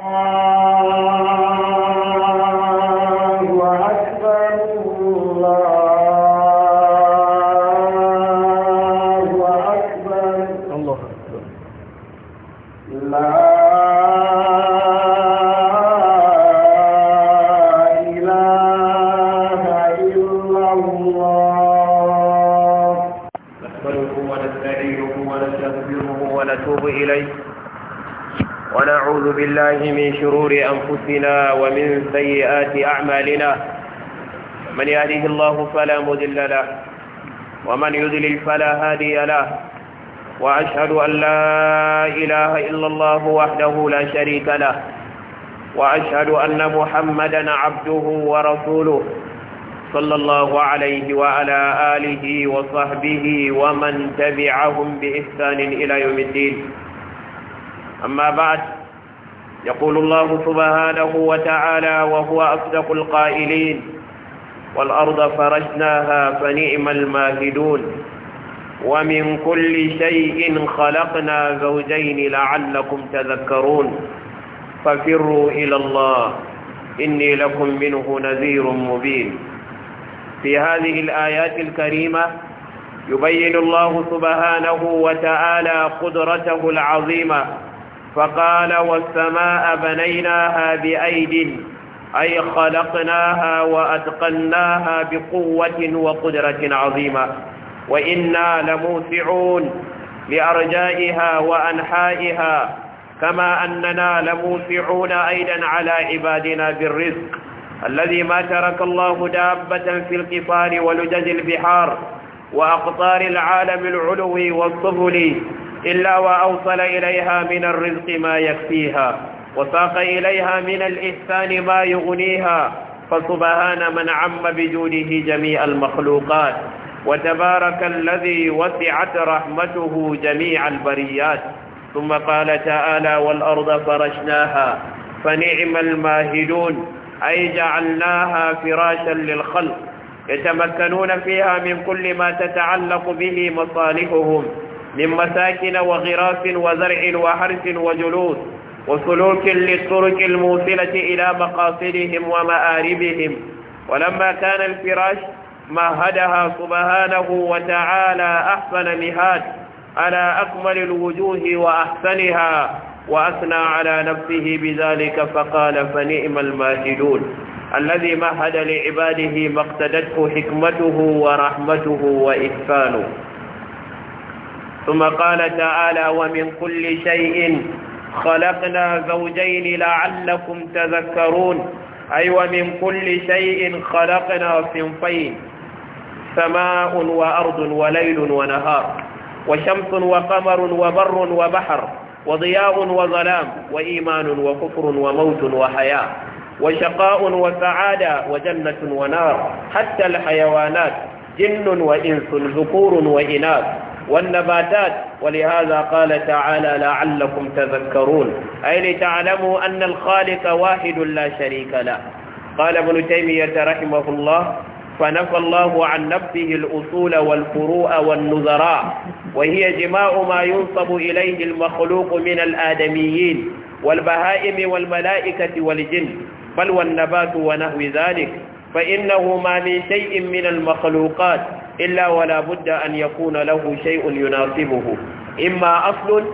Uh, أنفسنا من يهديه الله فلا مضل له ومن يضلل فلا هادي له وأشهد أن لا إله إلا الله وحده لا شريك له وأشهد أن محمدا عبده ورسوله صلى الله عليه وعلى آله وصحبه ومن تبعهم بإحسان إلى يوم الدين أما بعد يقول الله سبحانه وتعالى وهو أصدق القائلين والأرض فرجناها فنعم الماهدون ومن كل شيء خلقنا زوجين لعلكم تذكرون ففروا إلى الله إني لكم منه نذير مبين في هذه الآيات الكريمة يبين الله سبحانه وتعالى قدرته العظيمة فقال والسماء بنيناها بأيد أي خلقناها وأتقناها بقوة وقدرة عظيمة وإنا لموسعون لأرجائها وأنحائها كما أننا لموسعون أيضا على عبادنا بالرزق الذي ما ترك الله دابة في القصار ولجز البحار وأقطار العالم العلوي والسفلي إلا وأوصل إليها من الرزق ما يكفيها وساق إليها من الإحسان ما يغنيها فسبحان من عم بجوده جميع المخلوقات وتبارك الذي وسعت رحمته جميع البريات ثم قال تعالى والأرض فرشناها فنعم الماهدون أي جعلناها فراشا للخلق يتمكنون فيها من كل ما تتعلق به مصالحهم من مساكن وغراس وزرع وحرث وجلوس وسلوك للطرق الموصلة إلى مقاصدهم ومآربهم ولما كان الفراش مهدها سبحانه وتعالى أحسن مهاد على أكمل الوجوه وأحسنها وأثنى على نفسه بذلك فقال فنئم الماهدون الذي مهد لعباده ما اقتدته حكمته ورحمته وإحسانه ثم قال تعالى ومن كل شيء خلقنا زوجين لعلكم تذكرون أي ومن كل شيء خلقنا صنفين سماء وأرض وليل ونهار وشمس وقمر وبر وبحر وضياء وظلام وإيمان وكفر وموت وحياة وشقاء وسعادة وجنة ونار حتى الحيوانات جن وإنس ذكور وإناث والنباتات ولهذا قال تعالى لعلكم تذكرون أي لتعلموا أن الخالق واحد لا شريك له قال ابن تيمية رحمه الله فنفى الله عن نفسه الأصول والفروء والنذراء وهي جماع ما ينصب إليه المخلوق من الآدميين والبهائم والملائكة والجن بل والنبات ونحو ذلك فإنه ما من شيء من المخلوقات إلا ولا بد أن يكون له شيء يناسبه إما أصل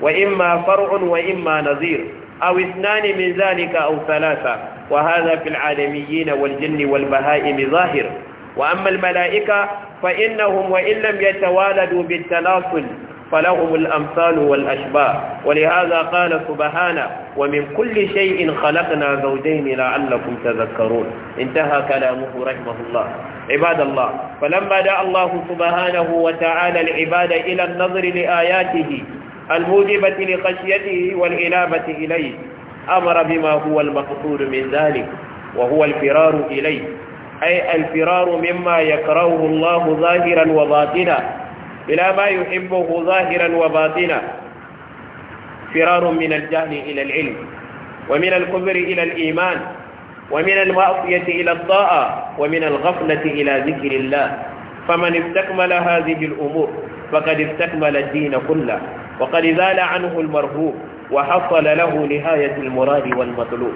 وإما فرع وإما نظير أو اثنان من ذلك أو ثلاثة وهذا في العالميين والجن والبهائم ظاهر وأما الملائكة فإنهم وإن لم يتوالدوا بالتناسل فلهم الأمثال والأشباه ولهذا قال سبحانه ومن كل شيء خلقنا زوجين لعلكم تذكرون انتهى كلامه رحمه الله عباد الله فلما دعا الله سبحانه وتعالى العباد إلى النظر لآياته الموجبة لخشيته والإنابة إليه أمر بما هو المقصود من ذلك وهو الفرار إليه أي الفرار مما يكرهه الله ظاهرا وباطنا إلى ما يحبه ظاهرا وباطنا فرار من الجهل إلى العلم ومن الكفر إلى الإيمان ومن المعصية إلى الطاعة ومن الغفلة إلى ذكر الله فمن استكمل هذه الأمور فقد استكمل الدين كله وقد زال عنه المرهوب وحصل له نهاية المراد والمطلوب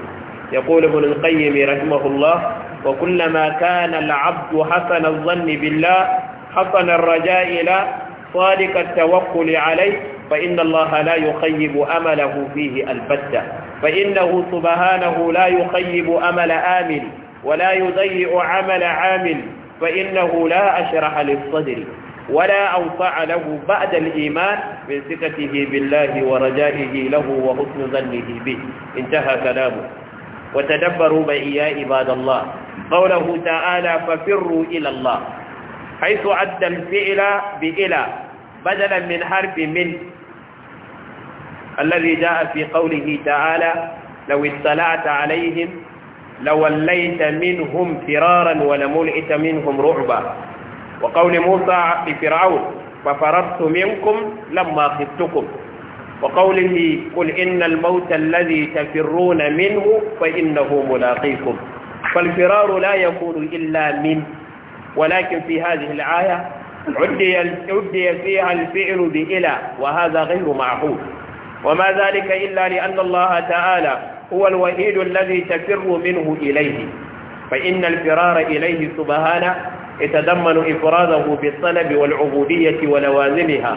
يقول ابن القيم رحمه الله وكلما كان العبد حسن الظن بالله حسن الرجاء له صادق التوكل عليه فإن الله لا يخيب أمله فيه البتة فإنه سبحانه لا يخيب أمل آمل ولا يضيع عمل عامل فإنه لا أشرح للصدر ولا أوصع له بعد الإيمان من ثقته بالله ورجائه له وحسن ظنه به انتهى كلامه وتدبروا بإياه عباد الله قوله تعالى ففروا إلى الله حيث عد الفعل بإلى بدلا من حرف من الذي جاء في قوله تعالى لو اطلعت عليهم لوليت منهم فرارا ولملئت منهم رعبا وقول موسى لفرعون ففررت منكم لما خفتكم وقوله قل إن الموت الذي تفرون منه فإنه ملاقيكم فالفرار لا يكون إلا من ولكن في هذه الآية عدي فيها الفعل بإلى وهذا غير معقول وما ذلك إلا لأن الله تعالى هو الوحيد الذي تفر منه إليه فإن الفرار إليه سبحانه يتضمن إفراده بالطلب والعبودية ولوازمها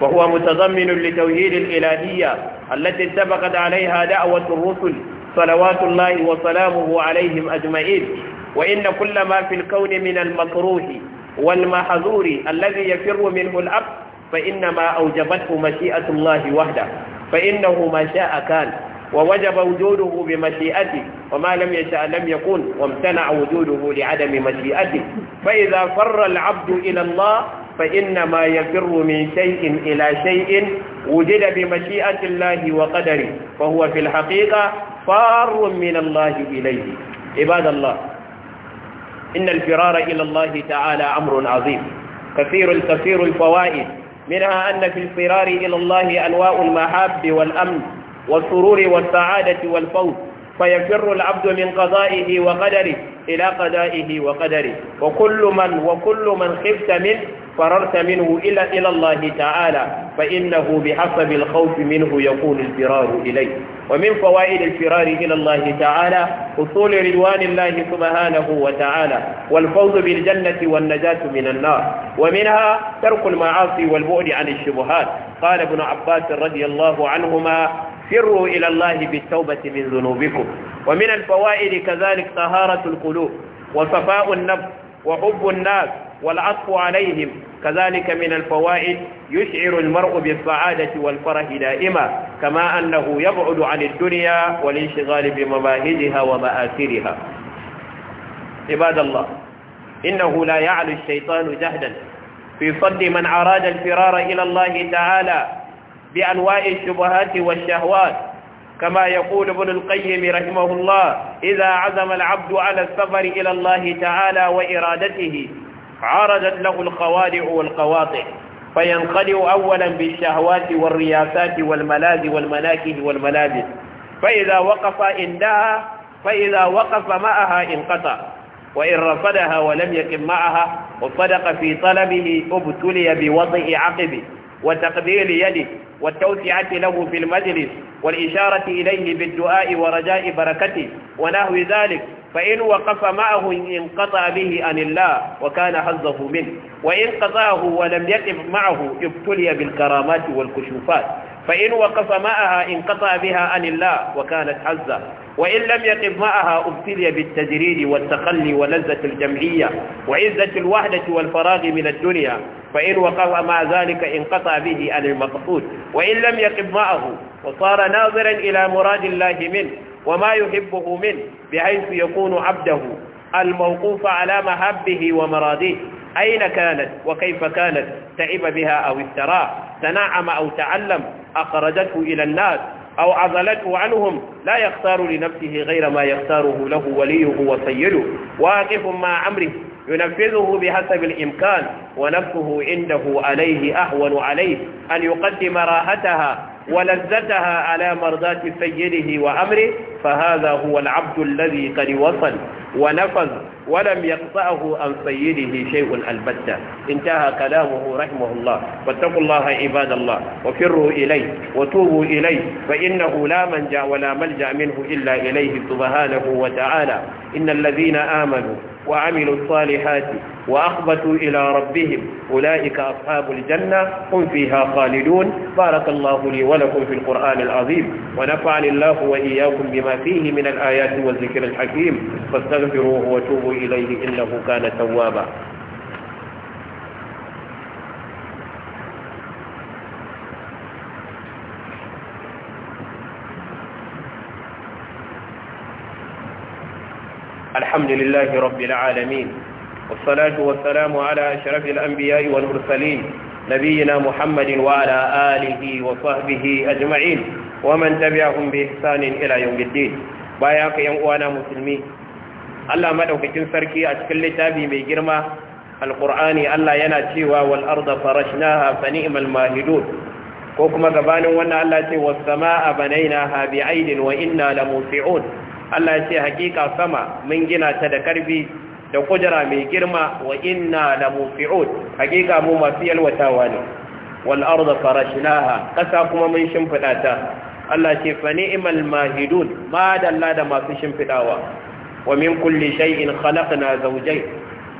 وهو متضمن لتوحيد الإلهية التي اتفقت عليها دعوة الرسل صلوات الله وسلامه عليهم أجمعين وإن كل ما في الكون من المكروه والمحظور الذي يفر منه الأب فإنما أوجبته مشيئة الله وحده فإنه ما شاء كان ووجب وجوده بمشيئته وما لم يشاء لم يكن وامتنع وجوده لعدم مشيئته فإذا فر العبد إلى الله فإنما يفر من شيء إلى شيء وجد بمشيئة الله وقدره فهو في الحقيقة فار من الله إليه عباد الله إن الفرار إلى الله تعالى أمر عظيم كثير كثير الفوائد منها أن في الفرار إلى الله أنواع المحاب والأمن والسرور والسعادة والفوز فيفر العبد من قضائه وقدره إلى قضائه وقدره وكل من وكل من خفت منه فررت منه إلى إلى الله تعالى فإنه بحسب الخوف منه يكون الفرار إليه ومن فوائد الفرار إلى الله تعالى حصول رضوان الله سبحانه وتعالى والفوز بالجنة والنجاة من النار ومنها ترك المعاصي والبعد عن الشبهات قال ابن عباس رضي الله عنهما فروا إلى الله بالتوبة من ذنوبكم ومن الفوائد كذلك طهارة القلوب وصفاء النفس وحب الناس والعطف عليهم كذلك من الفوائد يشعر المرء بالسعادة والفرح دائما كما أنه يبعد عن الدنيا والانشغال بمباهجها ومآثرها عباد الله إنه لا يعلو الشيطان جهدا في صد من أراد الفرار إلى الله تعالى بأنواع الشبهات والشهوات كما يقول ابن القيم رحمه الله إذا عزم العبد على السفر إلى الله تعالى وإرادته عرضت له الخوادع والقواطع فينخدع أولا بالشهوات والرياسات والملاذ والمناكه والملابس فإذا وقف إندها فإذا وقف معها انقطع وإن رفضها ولم يكن معها وصدق في طلبه ابتلي بوضع عقبه وتقبيل يده والتوسعة له في المجلس والإشارة إليه بالدعاء ورجاء بركته ونحو ذلك فإن وقف معه انقطع به عن الله وكان حظه منه وإن قطعه ولم يقف معه ابتلي بالكرامات والكشوفات فإن وقف معها انقطع بها عن الله وكانت حظه وإن لم يقف معها ابتلي بالتجريد والتخلي ولذة الجمعية وعزة الوحدة والفراغ من الدنيا فإن وقع مع ذلك انقطع به عن المقصود وإن لم يقف معه وصار ناظرا إلى مراد الله منه وما يحبه منه بحيث يكون عبده الموقوف على محبه ومراده أين كانت وكيف كانت تعب بها أو افترى تنعم أو تعلم أخرجته إلى الناس أو عزلته عنهم لا يختار لنفسه غير ما يختاره له وليه وسيده واقف مع عمره ينفذه بحسب الإمكان ونفسه عنده عليه أهون عليه أن يقدم راحتها ولذتها على مرضاة سيده وأمره فهذا هو العبد الذي قد وصل ونفذ ولم يقطعه عن سيده شيء البتة انتهى كلامه رحمه الله واتقوا الله عباد الله وفروا إليه وتوبوا إليه فإنه لا منجا ولا ملجأ منه إلا إليه سبحانه وتعالى إن الذين آمنوا وعملوا الصالحات وأخبتوا إلى ربهم أولئك أصحاب الجنة هم فيها خالدون بارك الله لي ولكم في القرآن العظيم ونفعني الله وإياكم بما فيه من الآيات والذكر الحكيم فاستغفروه وتوبوا إليه إنه كان توابا الحمد لله رب العالمين والصلاة والسلام على أشرف الأنبياء والمرسلين نبينا محمد وعلى آله وصحبه أجمعين ومن تبعهم بإحسان إلى يوم الدين باياك ينقوانا مسلمين الله مدوكتين سركي أتكل تابي بجرمة القرآن الله يناتيوا والأرض فرشناها فنئم الماهدون كوكما قبان وانا الله والسماء بنيناها بعيد وإنا لموسعون Allah ce hakika sama mun gina ta da karfi da kujara mai girma wa inna la mufi'ud hakika mu masu yalwatawa ne wal arda farashnaha kasa kuma mun shimfida ta Allah ce fa ni'mal mahidun ma dalla da masu shimfidawa wa min kulli shay'in khalaqna zawjay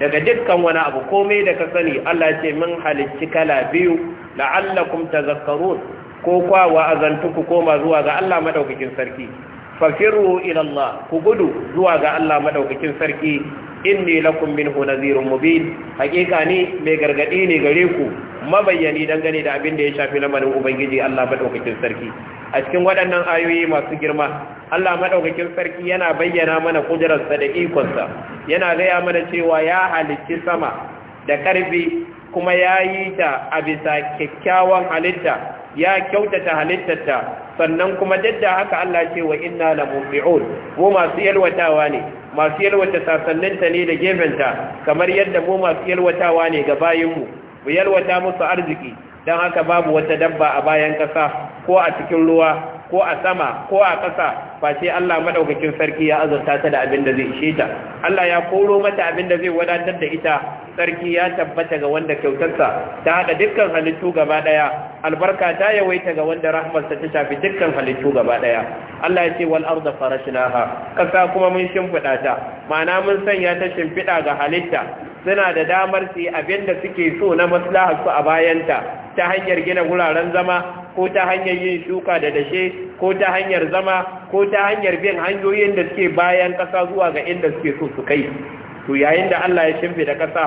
daga dukkan wani abu komai da ka sani Allah ce mun halicci kala biyu la'allakum tazakkarun ko kwa wa azantuku koma zuwa ga Allah madaukakin sarki fafiru ila ku gudu zuwa ga Allah madaukakin sarki inni lakum minhu nadhirun mubin hakika ne mai gargadi ne gare ku mabayyani dangane da abin da ya shafi lamarin ubangiji Allah madaukakin sarki a cikin waɗannan ayoyi masu girma Allah madaukakin sarki yana bayyana mana kudirarsa da ikonsa yana gaya mana cewa ya halicci sama da karfi kuma ya yi ta a bisa kyakkyawan halitta ya kyautata halittarta sannan kuma dadda haka Allah ce wa inna la mubi'un mu masu yalwatawa ne masu yalwata sasanninta ne da gefenta kamar yadda mu masu yalwatawa ne ga bayinmu mu yalwata musu arziki don haka babu wata dabba a bayan ƙasa ko a cikin ruwa ko a sama ko a ƙasa face Allah madaukakin sarki ya azurta ta da abin da zai ishe ta Allah ya koro mata abin da zai wadatar da ita sarki ya tabbata ga wanda kyautarsa ta haɗa dukkan halittu gaba daya albarka ta yawaita ga wanda rahmarsa ta shafi dukkan halittu gaba daya Allah ya ce wal arda farashnaha Ƙasa kuma mun shimfida ta ma'ana mun sanya ta shimfida ga halitta suna da damar su yi abin da suke so na maslahar su a bayanta ta hanyar gina wuraren zama ko ta hanyar yin shuka da dashe ko ta hanyar zama ko ta hanyar bin hanyoyin da suke bayan ƙasa zuwa ga inda suke so su kai to yayin da Allah ya shimfida ƙasa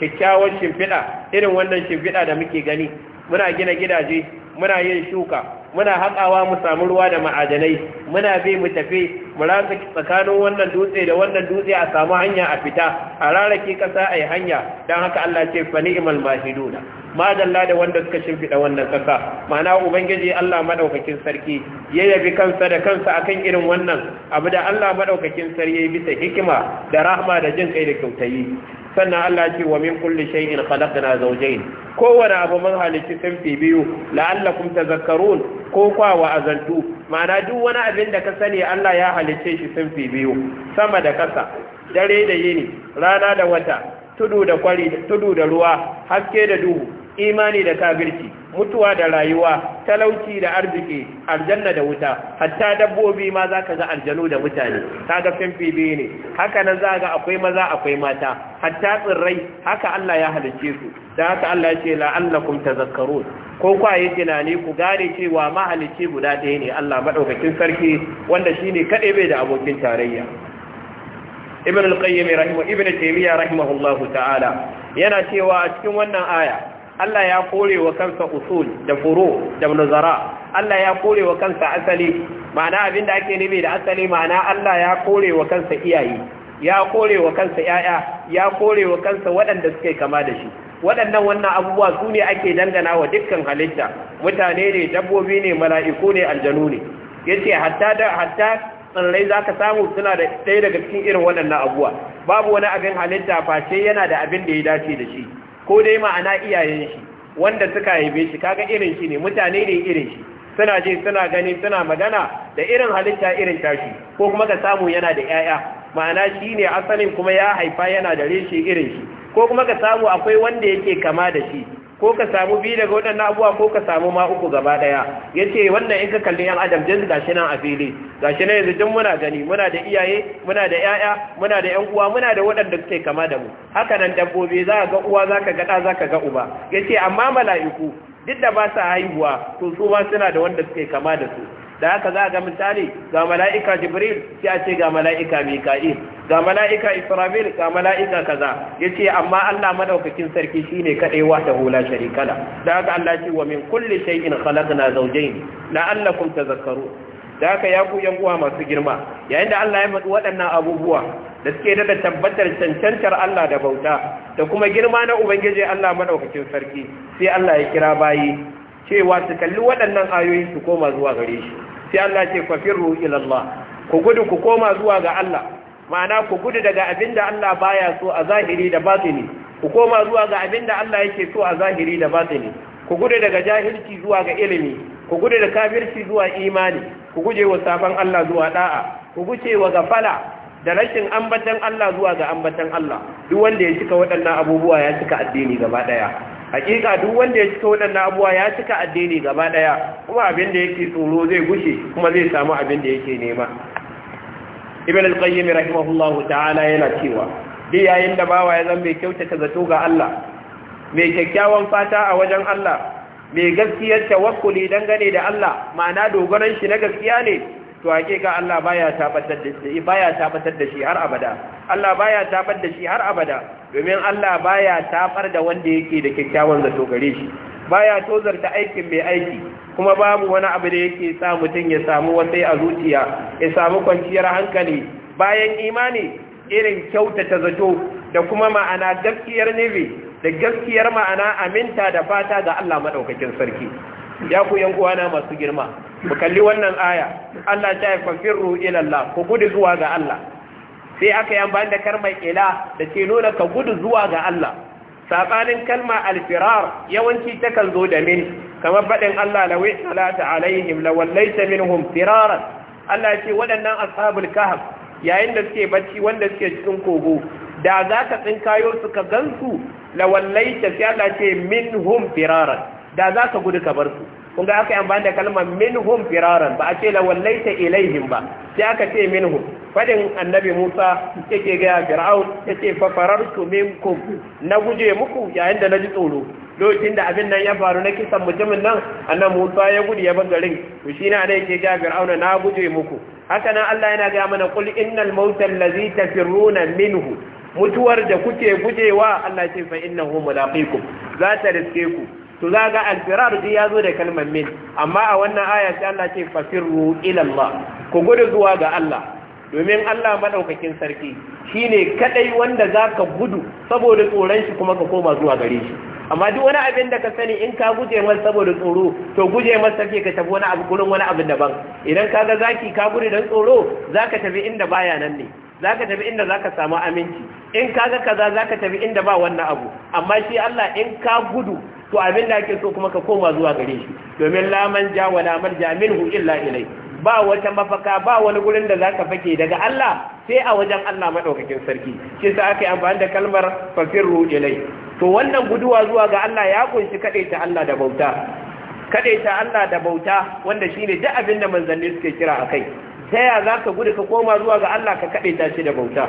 kyakkyawar shimfiɗa irin wannan shimfiɗa da muke gani muna gina gidaje muna yin shuka muna haƙawa mu samu ruwa da ma'adanai muna bi mu tafi mu ratsa tsakanin wannan dutse da wannan dutse a samu hanya a fita a rarake ƙasa a yi hanya don haka Allah ce fa ni'mal mahiduna madalla da wanda suka shimfiɗa wannan ƙasa mana ubangiji Allah maɗaukakin sarki ya yabi kansa da kansa akan irin wannan abu da Allah maɗaukakin sarki bisa hikima da rahma da jin kai da kyautayi sannan Allah ce wa min kulli shay'in khalaqna zawjayn kowane abu mun halici fi biyu la'allakum tazakkarun ko kwa wa azantu ma'ana duk wani abin da ka sani Allah ya halice shi fi biyu sama da kasa dare da yini rana da wata tudu da kwari tudu da ruwa haske da duhu imani da kafirci mutuwa da rayuwa talauci da arziki aljanna da wuta hatta dabbobi ma zaka ga aljanu da mutane kaga fimfibi ne haka nan zaka akwai maza akwai mata hatta tsirrai haka Allah ya halicce su da haka Allah ya ce la'allakum tazakkarun ko kwa yi tunani ku gane cewa mahalicci guda ɗaya ne Allah madaukakin sarki wanda shine kaɗai bai da abokin tarayya ibn al-qayyim rahimahu ibn taymiyyah rahimahullahu ta'ala yana cewa a cikin wannan aya Allah ya kore wa kansa usul da furo da nazara Allah ya kore wa kansa asali ma'ana abinda ake nufi da asali ma'ana Allah ya kore wa kansa iyaye ya kore wa kansa yaya ya kore wa kansa waɗanda suke kama da shi waɗannan wannan abubuwa su ne ake dangana wa dukkan halitta mutane ne dabbobi ne mala'iku ne aljanu ne yace hatta da hatta tsirrai za ka samu suna da ɗaya daga cikin irin waɗannan abubuwa babu wani abin halitta face yana da abin da ya dace da shi ko dai ma'ana iyayen shi wanda suka haife shi kaga irin shi ne mutane ne irin shi suna ji suna gani suna magana da irin halitta irin tashi ko kuma ka samu yana da 'ya'ya ma'ana shi ne asalin kuma ya haifa yana da reshe irin shi ko kuma ka samu akwai wanda yake kama da shi ko ka samu biyu daga waɗannan abuwa ko ka samu ma uku gaba ɗaya ya ce wannan in ka kalli yan adam jinsu shi nan a fili gashi nan yanzu jin muna gani muna da iyaye muna da yaya muna da yan uwa muna da waɗanda suke kama da mu haka nan dabbobi za ka ga uwa za ka ga ɗa za ka ga uba ya ce amma mala'iku duk da ba sa haihuwa to su ma suna da wanda suke kama da su da haka za ga misali ga mala'ika jibril sai a ce ga mala'ika mika'il ga mala'ika israfil ga mala'ika kaza ce amma Allah madaukakin sarki shine ne wahdahu la hula la da haka Allah ce wa min kulli shay'in na zawjayn ta Zakaru, da haka ya ku yan uwa masu girma yayin da Allah ya faɗi waɗannan abubuwa da suke da tabbatar cancantar Allah da bauta da kuma girma na ubangiji Allah madaukakin sarki sai Allah ya kira bayi cewa su kalli waɗannan ayoyi su koma zuwa gare shi sai Allah ce fafirru ila Allah ku gudu ku koma zuwa ga Allah ma'ana ku gudu daga abinda Allah baya so a zahiri da batini ku koma zuwa ga abinda Allah yake so a zahiri da batini ku gudu daga jahilci zuwa ga ilimi ku gudu da kafirci zuwa imani ku guje wa safan Allah zuwa da'a ku guje wa gafala da rashin ambatan Allah zuwa ga ambatan Allah duk wanda ya cika waɗannan abubuwa ya cika addini gaba ɗaya hakika duk wanda ya cika waɗannan abuwa ya cika addini gaba ɗaya kuma abin da yake tsoro zai gushe kuma zai samu abin da yake nema ibn al-qayyim rahimahullahu ta'ala yana cewa duk yayin da bawa ya zama mai kyautata zato ga Allah mai kyakkyawan fata a wajen Allah mai gaskiyar tawakkuli dangane da Allah ma'ana dogaran shi na gaskiya ne to ka Allah baya tabbatar da shi shi har abada Allah baya tabbatar da shi har abada domin Allah baya tabar da wanda yake da kyakkyawan zato gare shi baya tozarta aikin mai aiki kuma babu wani abu da yake sa mutum ya samu wata a zuciya ya samu kwanciyar hankali bayan imani irin kyautata zato da kuma ma'ana gaskiyar nufi da gaskiyar ma'ana aminta da fata ga Allah madaukakin sarki ya ku yan uwana masu girma ku kalli wannan aya Allah ta fa firru ila ku gudu zuwa ga Allah sai aka yi amfani da kalmar ila da ke nuna ka gudu zuwa ga Allah sabanin kalma alfirar yawanci takan zo da min kamar baɗin Allah la wai salata alaihim la wallaita minhum firaran Allah ce waɗannan ashabul kahf yayin da suke bacci wanda suke cikin kogo da za ka tsinkayo su ka gansu la wallaita sai Allah ce minhum firaran da za ka gudu ka bar su kun ga aka yi amfani da kalmar minhum firaran ba a ce la wallaita ilaihim ba sai aka ce minhum fadin annabi Musa yake ga Fir'aun ce fa farartu minkum na guje muku yayin da na ji tsoro lokacin da abin nan ya faru na kisan mutumin nan annabi Musa ya gudu ya bar garin shi ne a yake ga Fir'aun na guje muku haka nan Allah yana ga mana qul innal mauta allazi tafiruna minhu mutuwar da kuke gujewa Allah ce fa innahu mulaqikum za ta riske ku to za ga alfirar ji ya zo da kalmar min amma a wannan aya sai Allah ce fasirru ilallah ku gudu zuwa ga Allah domin Allah maɗaukakin sarki shi ne kadai wanda zaka gudu saboda tsoron shi kuma ka koma zuwa gare shi amma duk wani abin da ka sani in ka guje masa saboda tsoro to guje masa sarki ka tafi wani abu gurin wani abu daban idan ka ga zaki ka gudu dan tsoro zaka tafi inda baya nan ne zaka tafi inda zaka samu aminci in ka ga kaza zaka tafi inda ba wannan abu amma shi Allah in ka gudu to abin da ake so kuma ka koma zuwa gare shi domin laman ja wa laman ja minhu illa ilai ba wata mafaka ba wani gurin da zaka fake daga Allah sai a wajen Allah madaukakin sarki shi sa aka yi amfani da kalmar fafirru ilai to wannan guduwa zuwa ga Allah ya kunshi ta Allah da bauta ta Allah da bauta wanda shine duk abin da manzanni suke kira akai ta ya zaka gudu ka koma zuwa ga Allah ka ta shi da bauta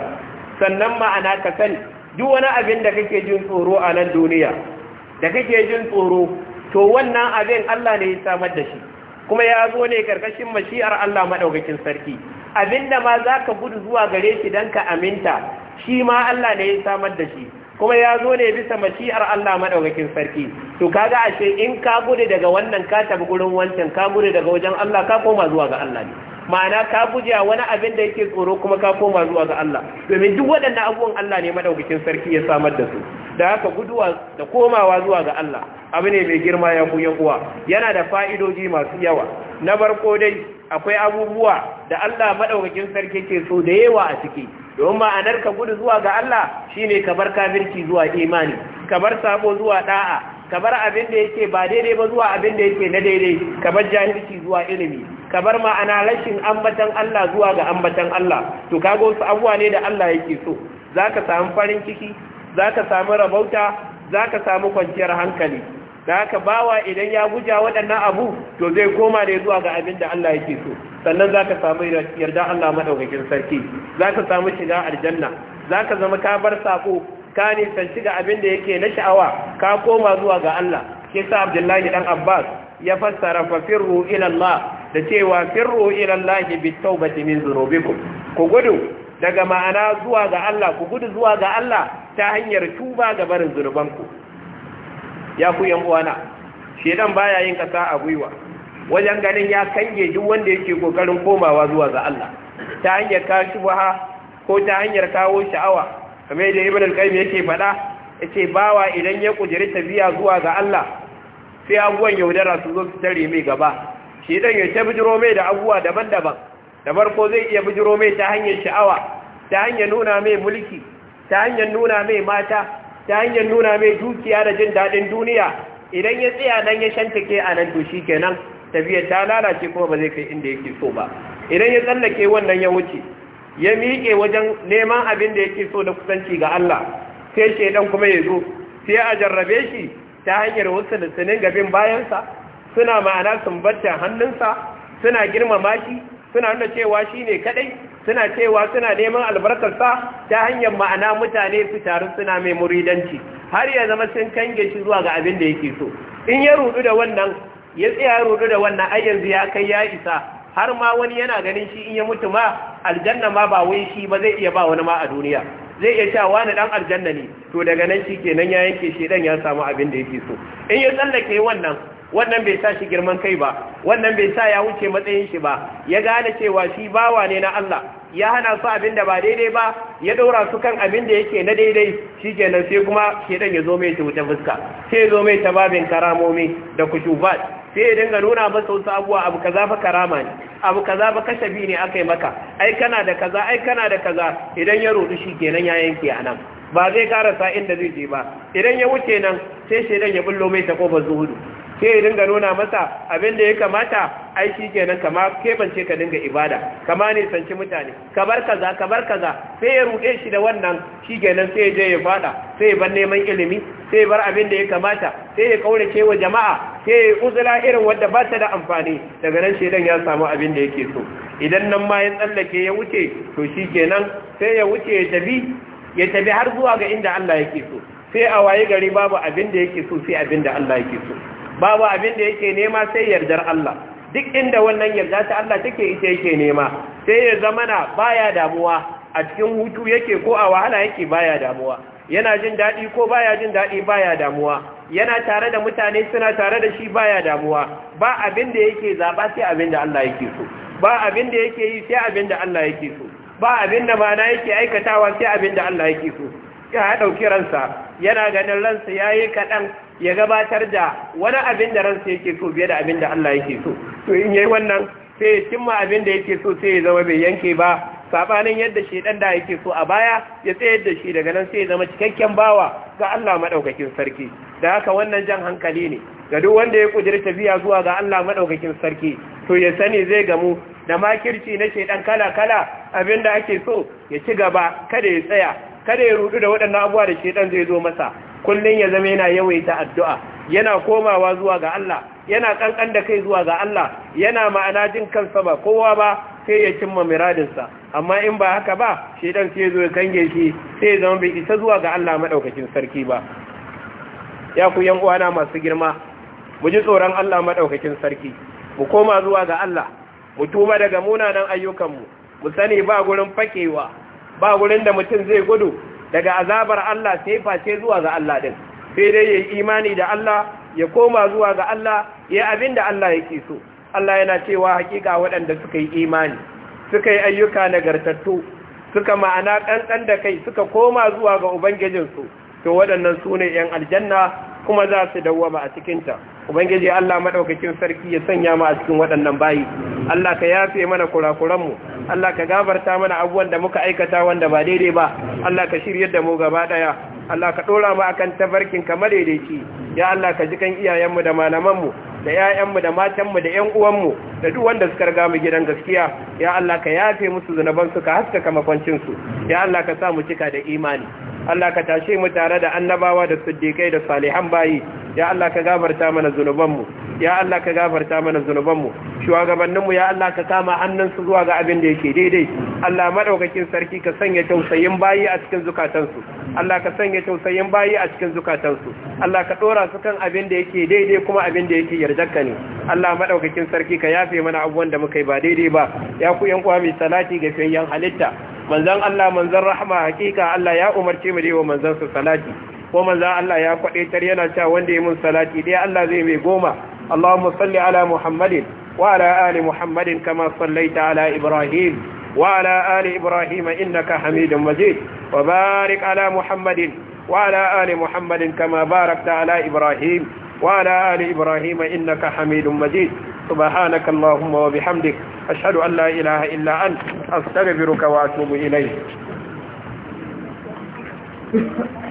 sannan ma'ana ka sani duk wani abin da kake jin tsoro a nan duniya da kake jin tsoro to wannan abin Allah ne ya samar da shi kuma ya zo ne karkashin mashi'ar Allah madaukakin sarki Abin da ma zaka gudu zuwa gare shi dan ka aminta shi ma Allah ne ya samar da shi kuma ya zo ne bisa mashi'ar Allah madaukakin sarki to ka ga ashe in ka gudu daga wannan ka tafi gurin wancan ka gudu daga wajen Allah ka koma zuwa ga Allah ne ma'ana ka guje wani abin da yake tsoro kuma ka koma zuwa ga Allah domin duk waɗannan abubuwan Allah ne maɗaukakin sarki ya samar da su da haka guduwa da komawa zuwa ga Allah abu ne mai girma ya ku kuwa. yana da fa'idoji masu yawa na barko dai akwai abubuwa da Allah maɗaukakin sarki ke so da yawa a ciki domin ma'anar ka gudu zuwa ga Allah shi ne kabar kafirki zuwa imani kabar sabo zuwa ɗa'a, kabar abin da yake ba daidai ba zuwa abin da yake na daidai kabar jahilci zuwa ilimi kabar ma'ana rashin ambatan Allah zuwa ga ambatan Allah to kaga wasu abuwa ne da Allah yake so zaka samu farin ciki za ka samu rabauta za ka samu kwanciyar hankali da haka bawa idan ya guja waɗannan abu to zai koma da zuwa ga abin da Allah yake so sannan za ka samu yarda Allah maɗaukakin sarki za ka samu shiga aljanna za ka zama ka bar saƙo ka nisanci shiga abin da yake na sha'awa ka koma zuwa ga Allah ke abdullahi ɗan abbas ya fassara fa firru ilallah da cewa firru ilallahi bi taubati min zunubikum ku gudu daga ma'ana zuwa ga Allah ku gudu zuwa ga Allah ta hanyar tuba ga barin zunubanku ya ku yan uwana shedan baya yin kasa a gwiwa wajen ganin ya kange duk wanda yake kokarin komawa zuwa ga Allah ta hanyar ka shubha ko ta hanyar kawo sha'awa kamar yadda ibn al-qayyim yake faɗa yace bawa idan ya kujiri tafiya zuwa ga Allah sai abuwan yaudara su zo su tare mai gaba shedan ya ta bijiro mai da abuwa daban-daban da farko zai iya bijiro mai ta hanyar sha'awa ta hanyar nuna mai mulki ta hanyar nuna mai mata ta hanyar nuna mai dukiya da jin daɗin duniya idan ya tsaya nan ya shantake a nan to shi kenan tafiyar ta lalace kuma ba zai kai inda yake so ba idan ya tsallake wannan ya wuce ya miƙe wajen neman abin da yake so da kusanci ga Allah sai shaidan kuma ya zo sai a jarrabe shi ta hanyar wasu da gabin bayansa suna ma'ana sun barta hannunsa suna girmama shi suna nuna cewa shi ne kaɗai suna cewa suna neman albarkarsa ta hanyar ma'ana mutane su taru suna mai muridanci har ya zama sun kange shi zuwa ga abin da yake so in ya rudu da wannan ya tsaya ya rudu da wannan ai yanzu ya kai ya isa har ma wani yana ganin shi in ya mutu ma aljanna ma ba wai shi ba zai iya ba wani ma a duniya zai iya cewa wani dan aljanna ne to daga nan shi kenan ya yanke shi dan ya samu abin da yake so in ya tsallake wannan wannan bai sa shi girman kai ba wannan bai sa ya wuce matsayin shi ba ya gane cewa shi bawa ne na Allah ya hana su abin da ba daidai ba ya daura su kan abin da yake na daidai shi shikenan sai kuma shedan ya zo mai ta wuta fuska sai zo mai ta babin karamomi da kushubat sai ya dinga nuna masa wasu abuwa abu kaza fa karama ne abu kaza fa kashabi ne akai maka ai kana da kaza ai kana da kaza idan ya rudu shi kenan ya yanke anan ba zai karasa inda zai je ba idan ya wuce nan sai shedan ya bullo mai ta kofar zuhudu sai ya dinga nuna masa abin da ya kamata ai shi kenan kama kebance ka dinga ibada kama ne sanci mutane ka kaza ka kaza sai ya ruɗe shi da wannan shi kenan sai ya je ya fada sai ya bar neman ilimi sai ya bar abin da ya kamata sai ya kaurace wa jama'a sai ya uzura irin wanda ba ta da amfani daga nan shedan ya samu abin da yake so idan nan ma ya tsallake ya wuce to shi kenan sai ya wuce ya tafi ya tafi har zuwa ga inda Allah yake so sai a waye gari babu abin da yake so sai abin da Allah yake so babu abin da yake nema sai yardar Allah duk inda wannan yarda ta Allah take ita yake nema sai ya zamana baya damuwa a cikin hutu yake ko a wahala yake baya damuwa yana jin daɗi ko baya jin daɗi baya damuwa yana tare da mutane suna tare da shi baya damuwa ba abin da yake zaɓa sai abin da Allah yake so ba abin da yake yi sai abin da Allah yake so ba abin da mana yake aikatawa sai abin da Allah yake so ya ɗauki ransa yana ganin ransa ya yi kaɗan ya gabatar da wani abin da ransa yake so biye da abin da Allah yake so to in yi wannan sai cimma abin da yake so sai ya zama bai yanke ba sabanin yadda shi shedan da yake so a baya ya tsayar da shi daga nan sai ya zama cikakken bawa ga Allah madaukakin sarki da haka wannan jan hankali ne ga duk wanda ya kudirta tafiya zuwa ga Allah maɗaukakin sarki to ya sani zai gamu da makirci na shedan kala kala abin da ake so ya ci gaba kada ya tsaya kada ya rudu da waɗannan abuwa da shedan zai zo masa kullum ya zama yana yawaita addu'a yana komawa zuwa ga Allah yana kankan da kai zuwa ga Allah yana ma'ana jin kansa ba kowa ba sai ya cimma miradinsa amma in ba haka ba shedan sai zo ya kange shi sai ya zama bai isa zuwa ga Allah maɗaukacin sarki ba ya ku yan uwana masu girma mu ji tsoron Allah maɗaukacin sarki mu koma zuwa ga Allah mu tuma daga munanan ayyukanmu mu sani ba gurin fakewa ba wurin da mutum zai gudu daga azabar Allah sai face zuwa ga Allah din sai dai yayi imani da Allah ya koma zuwa ga Allah ya abin da Allah yake so Allah yana cewa hakika waɗanda suka yi imani suka yi ayyuka nagartattu suka ma'ana ɗanɗan da kai suka koma zuwa ga ubangijinsu to waɗannan su ne ‘yan aljanna kuma za su dawwama a cikinta ubangiji Allah maɗaukakin sarki ya sanya mu a cikin waɗannan bayi Allah ka yafe mana kurakuranmu Allah ka gabarta mana abubuwan da muka aikata wanda ba daidai ba Allah ka shiryar da mu gaba daya Allah ka dora mu akan tabarkin ka madaidaici ya Allah ka jikan iyayenmu da malamanmu da 'ya'yanmu da matanmu da 'yan uwanmu da duk wanda suka riga mu gidan gaskiya ya Allah ka yafe musu su ka haskaka su. ya Allah ka sa mu cika da imani Allah ka tashe mu tare da annabawa da siddiƙai da salihan bayi ya Allah ka gafarta mana zunubanmu ya Allah ka gafarta mana zunubanmu shugabanninmu ya Allah ka kama hannunsu zuwa ga abin da yake daidai Allah madaukakin sarki ka sanya tausayin bayi a cikin zukatansu Allah ka sanya tausayin bayi a cikin zukatansu Allah ka dora su kan abin da yake daidai kuma abin da yake ka ne Allah madaukakin sarki ka yafe mana abubuwan da muka yi ba daidai ba ya ku yan kwami salati ga fiyayyen halitta manzon Allah manzon rahma hakika Allah ya umarce mu da yi wa manzon su salati ko manzo Allah ya kwadaitar yana cewa wanda ya mun salati dai Allah zai mai goma Allahumma salli ala Muhammadin wa ala ali Muhammadin kama sallaita ala Ibrahim wa ala ali Ibrahim innaka Hamidum Majid wa barik ala Muhammadin wa ala ali Muhammadin kama barakta ala Ibrahim wa ala ali Ibrahim innaka Hamidum Majid سبحانك اللهم وبحمدك أشهد أن لا إله إلا أنت أستغفرك وأتوب إليك